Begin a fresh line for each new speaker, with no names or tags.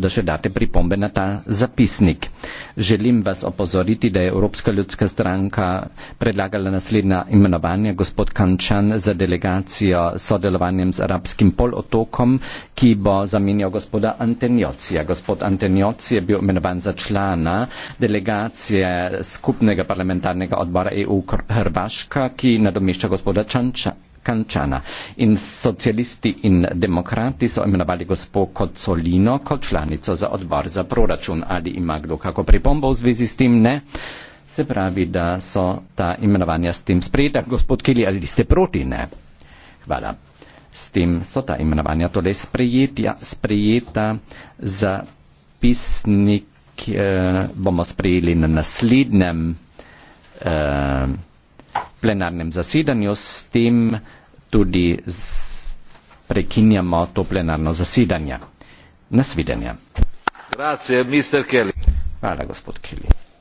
da še date pripombe na ta zapisnik. Želim vas opozoriti, da je Evropska ljudska stranka predlagala naslednja imenovanja gospod Kančan za delegacijo sodelovanjem z arabskim polotokom, ki bo zamenjal gospoda Antenjocija. Gospod Antenjoci je bil imenovan za člana delegacije skupnega parlamentarnega odbora EU Hrvaška, ki nadomešča gospoda Čanča. Kančana. In socialisti in demokrati so imenovali gospo Kocolino kot članico za odbor za proračun. Ali ima kdo kako pripombo v zvezi s tem? Ne. Se pravi, da so ta imenovanja s tem sprejeta. Gospod Kili, ali ste proti? Ne. Hvala. S tem so ta imenovanja torej sprejetja, sprejeta za pisnik. Eh, bomo sprejeli na naslednjem eh, plenarnem zasedanju s tem tudi prekinjamo to plenarno zasedanje. Nasvidenja.
Grazie, Hvala, gospod Kelly.